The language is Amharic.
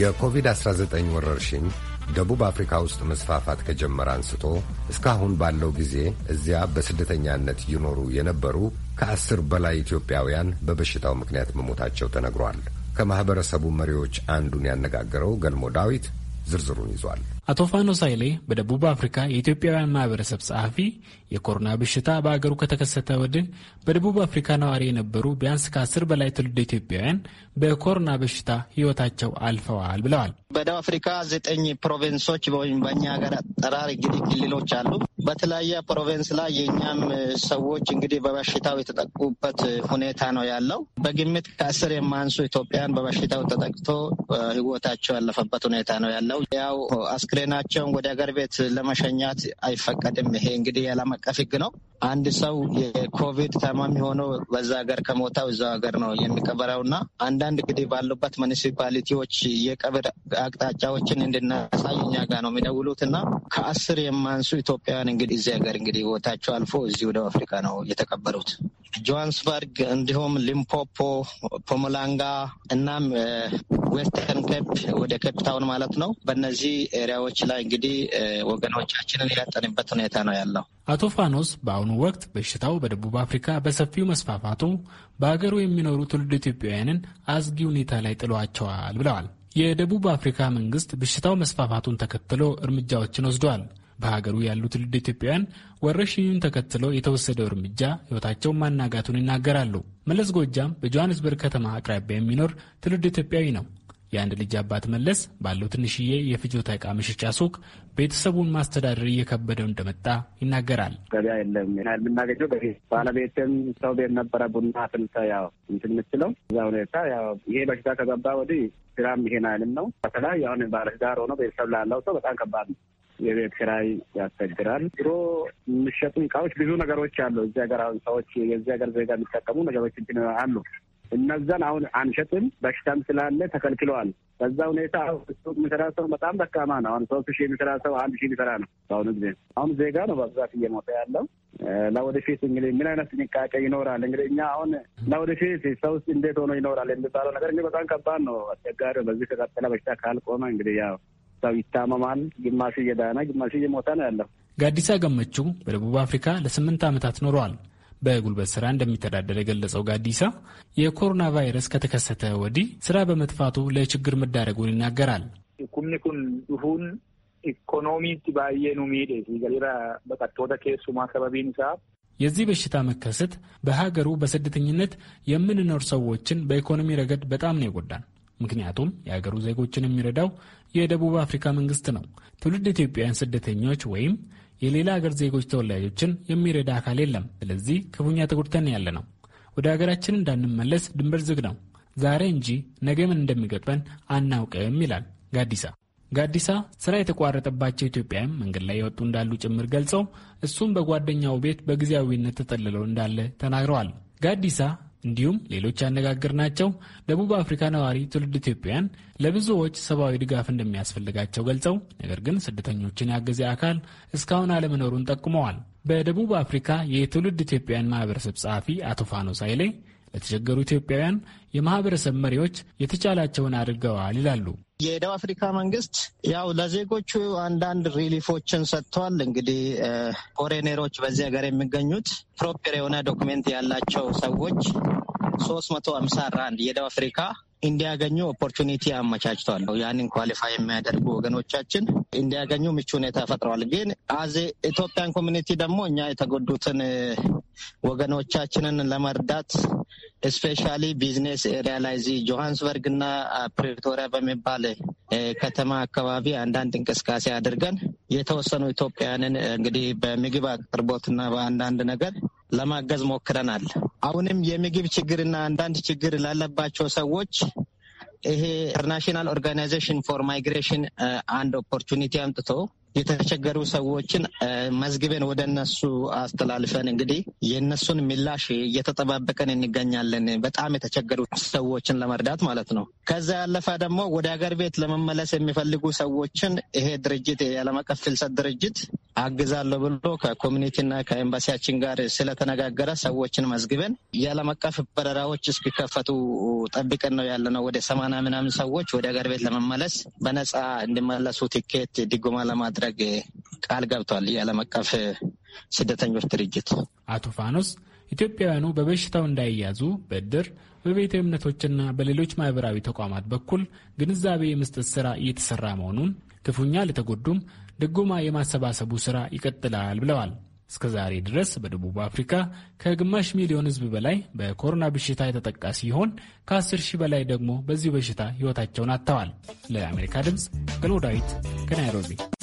የኮቪድ-19 ወረርሽኝ ደቡብ አፍሪካ ውስጥ መስፋፋት ከጀመረ አንስቶ እስካሁን ባለው ጊዜ እዚያ በስደተኛነት ይኖሩ የነበሩ ከአስር በላይ ኢትዮጵያውያን በበሽታው ምክንያት መሞታቸው ተነግሯል። ከማኅበረሰቡ መሪዎች አንዱን ያነጋገረው ገልሞ ዳዊት ዝርዝሩን ይዟል። አቶ ፋኖስ ኃይሌ በደቡብ አፍሪካ የኢትዮጵያውያን ማህበረሰብ ጸሐፊ፣ የኮሮና በሽታ በአገሩ ከተከሰተ ወዲህ በደቡብ አፍሪካ ነዋሪ የነበሩ ቢያንስ ከአስር በላይ ትውልድ ኢትዮጵያውያን በኮሮና በሽታ ህይወታቸው አልፈዋል ብለዋል። በደቡብ አፍሪካ ዘጠኝ ፕሮቪንሶች ወይም በእኛ ሀገር አጠራር እንግዲህ ክልሎች አሉ። በተለያየ ፕሮቪንስ ላይ የእኛም ሰዎች እንግዲህ በበሽታው የተጠቁበት ሁኔታ ነው ያለው። በግምት ከአስር የማንሱ ኢትዮጵያን በበሽታው ተጠቅቶ ህይወታቸው ያለፈበት ሁኔታ ነው ያለው ያው አስክሬ ብሌናቸውን ወደ ሀገር ቤት ለመሸኛት አይፈቀድም። ይሄ እንግዲህ የዓለም አቀፍ ሕግ ነው። አንድ ሰው የኮቪድ ታማሚ ሆኖ በዛ ሀገር ከሞታው እዛው ሀገር ነው የሚቀበረው እና አንዳንድ ጊዜ ባሉበት ሙኒሲፓሊቲዎች የቀብር አቅጣጫዎችን እንድናሳይ እኛ ጋር ነው የሚደውሉት እና ከአስር የማንሱ ኢትዮጵያውያን እንግዲህ እዚህ ሀገር እንግዲህ ቦታቸው አልፎ እዚህ ወደ አፍሪካ ነው የተቀበሩት። ጆሃንስበርግ፣ እንዲሁም ሊምፖፖ፣ ፖሞላንጋ እናም ዌስተርን ኬፕ ወደ ኬፕታውን ማለት ነው። በእነዚህ ኤሪያዎች ላይ እንግዲህ ወገኖቻችንን ያጠንበት ሁኔታ ነው ያለው። አቶ ፋኖስ በአሁኑ ወቅት በሽታው በደቡብ አፍሪካ በሰፊው መስፋፋቱ በአገሩ የሚኖሩ ትውልድ ኢትዮጵያውያንን አስጊ ሁኔታ ላይ ጥሏቸዋል ብለዋል። የደቡብ አፍሪካ መንግስት በሽታው መስፋፋቱን ተከትሎ እርምጃዎችን ወስደዋል። በሀገሩ ያሉ ትውልድ ኢትዮጵያውያን ወረርሽኙን ተከትሎ የተወሰደው እርምጃ ሕይወታቸውን ማናጋቱን ይናገራሉ። መለስ ጎጃም በጆሃንስበርግ ከተማ አቅራቢያ የሚኖር ትውልድ ኢትዮጵያዊ ነው። የአንድ ልጅ አባት መለስ ባለው ትንሽዬ የፍጆታ እቃ መሸጫ ሱቅ ቤተሰቡን ማስተዳደር እየከበደው እንደመጣ ይናገራል። ገበያ የለም ያህል የምናገኘው በ ባለቤትም ሰው ቤት ነበረ ቡና ፍልተ ያው እንትን የምትለው እዛ ሁኔታ ያው ይሄ በሽታ ከገባ ወዲህ ስራም ይሄን አይልም ነው። በተለይ አሁን ባለሽዳር ሆኖ ቤተሰብ ላለው ሰው በጣም ከባድ ነው። የቤት ኪራይ ያስቸግራል። ድሮ የሚሸጡ እቃዎች ብዙ ነገሮች አሉ። እዚህ ሀገር አሁን ሰዎች የዚህ ሀገር ዜጋ የሚጠቀሙ ነገሮች አሉ እነዛን አሁን አንሸጥም፣ በሽታም ስላለ ተከልክለዋል። በዛ ሁኔታ የሚሰራ ሰው በጣም ደካማ ነው። አሁን ሶስት ሺህ የሚሰራ ሰው አንድ ሺህ የሚሰራ ነው በአሁኑ ጊዜ። አሁን ዜጋ ነው በብዛት እየሞተ ያለው። ለወደፊት እንግዲህ ምን አይነት ጥንቃቄ ይኖራል? እንግዲህ እኛ አሁን ለወደፊት ሰው ውስጥ እንዴት ሆኖ ይኖራል የሚባለው ነገር እንግዲህ በጣም ከባድ ነው፣ አስቸጋሪ ነው። በዚህ ከቀጠለ በሽታ ካልቆመ እንግዲህ ያው ሰው ይታመማል። ግማሹ እየዳነ ግማሹ እየሞተ ነው ያለው። ጋዲሳ ገመቹ በደቡብ አፍሪካ ለስምንት ዓመታት ኖረዋል። በጉልበት ስራ እንደሚተዳደር የገለጸው ጋዲሳ የኮሮና ቫይረስ ከተከሰተ ወዲህ ስራ በመጥፋቱ ለችግር መዳረጉን ይናገራል። ኩን ዱፉን ኢኮኖሚት ባየኑ ሚዴ ገሌራ በቀቶተ ኬሱማ ሰበቢን ሳ የዚህ በሽታ መከሰት በሀገሩ በስደተኝነት የምንኖር ሰዎችን በኢኮኖሚ ረገድ በጣም ነው የጎዳን። ምክንያቱም የሀገሩ ዜጎችን የሚረዳው የደቡብ አፍሪካ መንግስት ነው። ትውልድ ኢትዮጵያውያን ስደተኞች ወይም የሌላ ሀገር ዜጎች ተወላጆችን የሚረዳ አካል የለም። ስለዚህ ክፉኛ ተጎድተን ያለ ነው። ወደ ሀገራችን እንዳንመለስ ድንበር ዝግ ነው። ዛሬ እንጂ ነገ ምን እንደሚገጥመን አናውቅም ይላል ጋዲሳ። ጋዲሳ ስራ የተቋረጠባቸው ኢትዮጵያውያን መንገድ ላይ የወጡ እንዳሉ ጭምር ገልጸው እሱም በጓደኛው ቤት በጊዜያዊነት ተጠልለው እንዳለ ተናግረዋል። ጋዲሳ እንዲሁም ሌሎች ያነጋገርናቸው ደቡብ አፍሪካ ነዋሪ ትውልድ ኢትዮጵያውያን ለብዙዎች ሰብአዊ ድጋፍ እንደሚያስፈልጋቸው ገልጸው ነገር ግን ስደተኞችን ያገዘ አካል እስካሁን አለመኖሩን ጠቁመዋል። በደቡብ አፍሪካ የትውልድ ኢትዮጵያውያን ማህበረሰብ ጸሐፊ አቶ ፋኖስ ኃይሌ ለተቸገሩ ኢትዮጵያውያን የማህበረሰብ መሪዎች የተቻላቸውን አድርገዋል ይላሉ። የደቡብ አፍሪካ መንግስት ያው ለዜጎቹ አንዳንድ ሪሊፎችን ሰጥቷል። እንግዲህ ፎሬነሮች በዚህ ሀገር የሚገኙት ፕሮፐር የሆነ ዶክሜንት ያላቸው ሰዎች ሶስት መቶ አምሳ ራንድ የደቡብ አፍሪካ እንዲያገኙ ኦፖርቹኒቲ አመቻችቷል። ያንን ኳሊፋይ የሚያደርጉ ወገኖቻችን እንዲያገኙ ምቹ ሁኔታ ፈጥረዋል። ግን አዜ ኢትዮጵያን ኮሚኒቲ ደግሞ እኛ የተጎዱትን ወገኖቻችንን ለመርዳት ስፔሻሊ ቢዝነስ ኤሪያ ላይ እዚህ ጆሃንስበርግ እና ፕሪቶሪያ uh, በሚባል uh, ከተማ አካባቢ አንዳንድ እንቅስቃሴ አድርገን የተወሰኑ ኢትዮጵያውያንን uh, እንግዲህ በምግብ አቅርቦትና በአንዳንድ ነገር ለማገዝ ሞክረናል። አሁንም የምግብ ችግርና አንዳንድ ችግር ላለባቸው ሰዎች ይሄ ኢንተርናሽናል ኦርጋናይዜሽን ፎር ማይግሬሽን አንድ ኦፖርቹኒቲ አምጥቶ የተቸገሩ ሰዎችን መዝግበን ወደ እነሱ አስተላልፈን እንግዲህ የእነሱን ምላሽ እየተጠባበቀን እንገኛለን። በጣም የተቸገሩ ሰዎችን ለመርዳት ማለት ነው። ከዛ ያለፈ ደግሞ ወደ ሀገር ቤት ለመመለስ የሚፈልጉ ሰዎችን ይሄ ድርጅት የዓለም አቀፍ ፍልሰት ድርጅት አግዛለሁ ብሎ ከኮሚኒቲና ከኤምባሲያችን ጋር ስለተነጋገረ ሰዎችን መዝግበን የዓለም አቀፍ በረራዎች እስኪከፈቱ ጠብቀን ነው ነው። ወደ ሰማና ምናምን ሰዎች ወደ ሀገር ቤት ለመመለስ በነፃ እንዲመለሱ ቲኬት ድጎማ ለማድረግ ለማድረግ ቃል ገብቷል የዓለም አቀፍ ስደተኞች ድርጅት። አቶ ፋኖስ ኢትዮጵያውያኑ በበሽታው እንዳይያዙ በእድር በቤተ እምነቶችና በሌሎች ማህበራዊ ተቋማት በኩል ግንዛቤ የመስጠት ስራ እየተሰራ መሆኑን ክፉኛ ለተጎዱም ድጎማ የማሰባሰቡ ስራ ይቀጥላል ብለዋል። እስከ ዛሬ ድረስ በደቡብ አፍሪካ ከግማሽ ሚሊዮን ሕዝብ በላይ በኮሮና በሽታ የተጠቃ ሲሆን ከ10 ሺህ በላይ ደግሞ በዚህ በሽታ ሕይወታቸውን አጥተዋል። ለአሜሪካ ድምፅ ገሎ ዳዊት ከናይሮቢ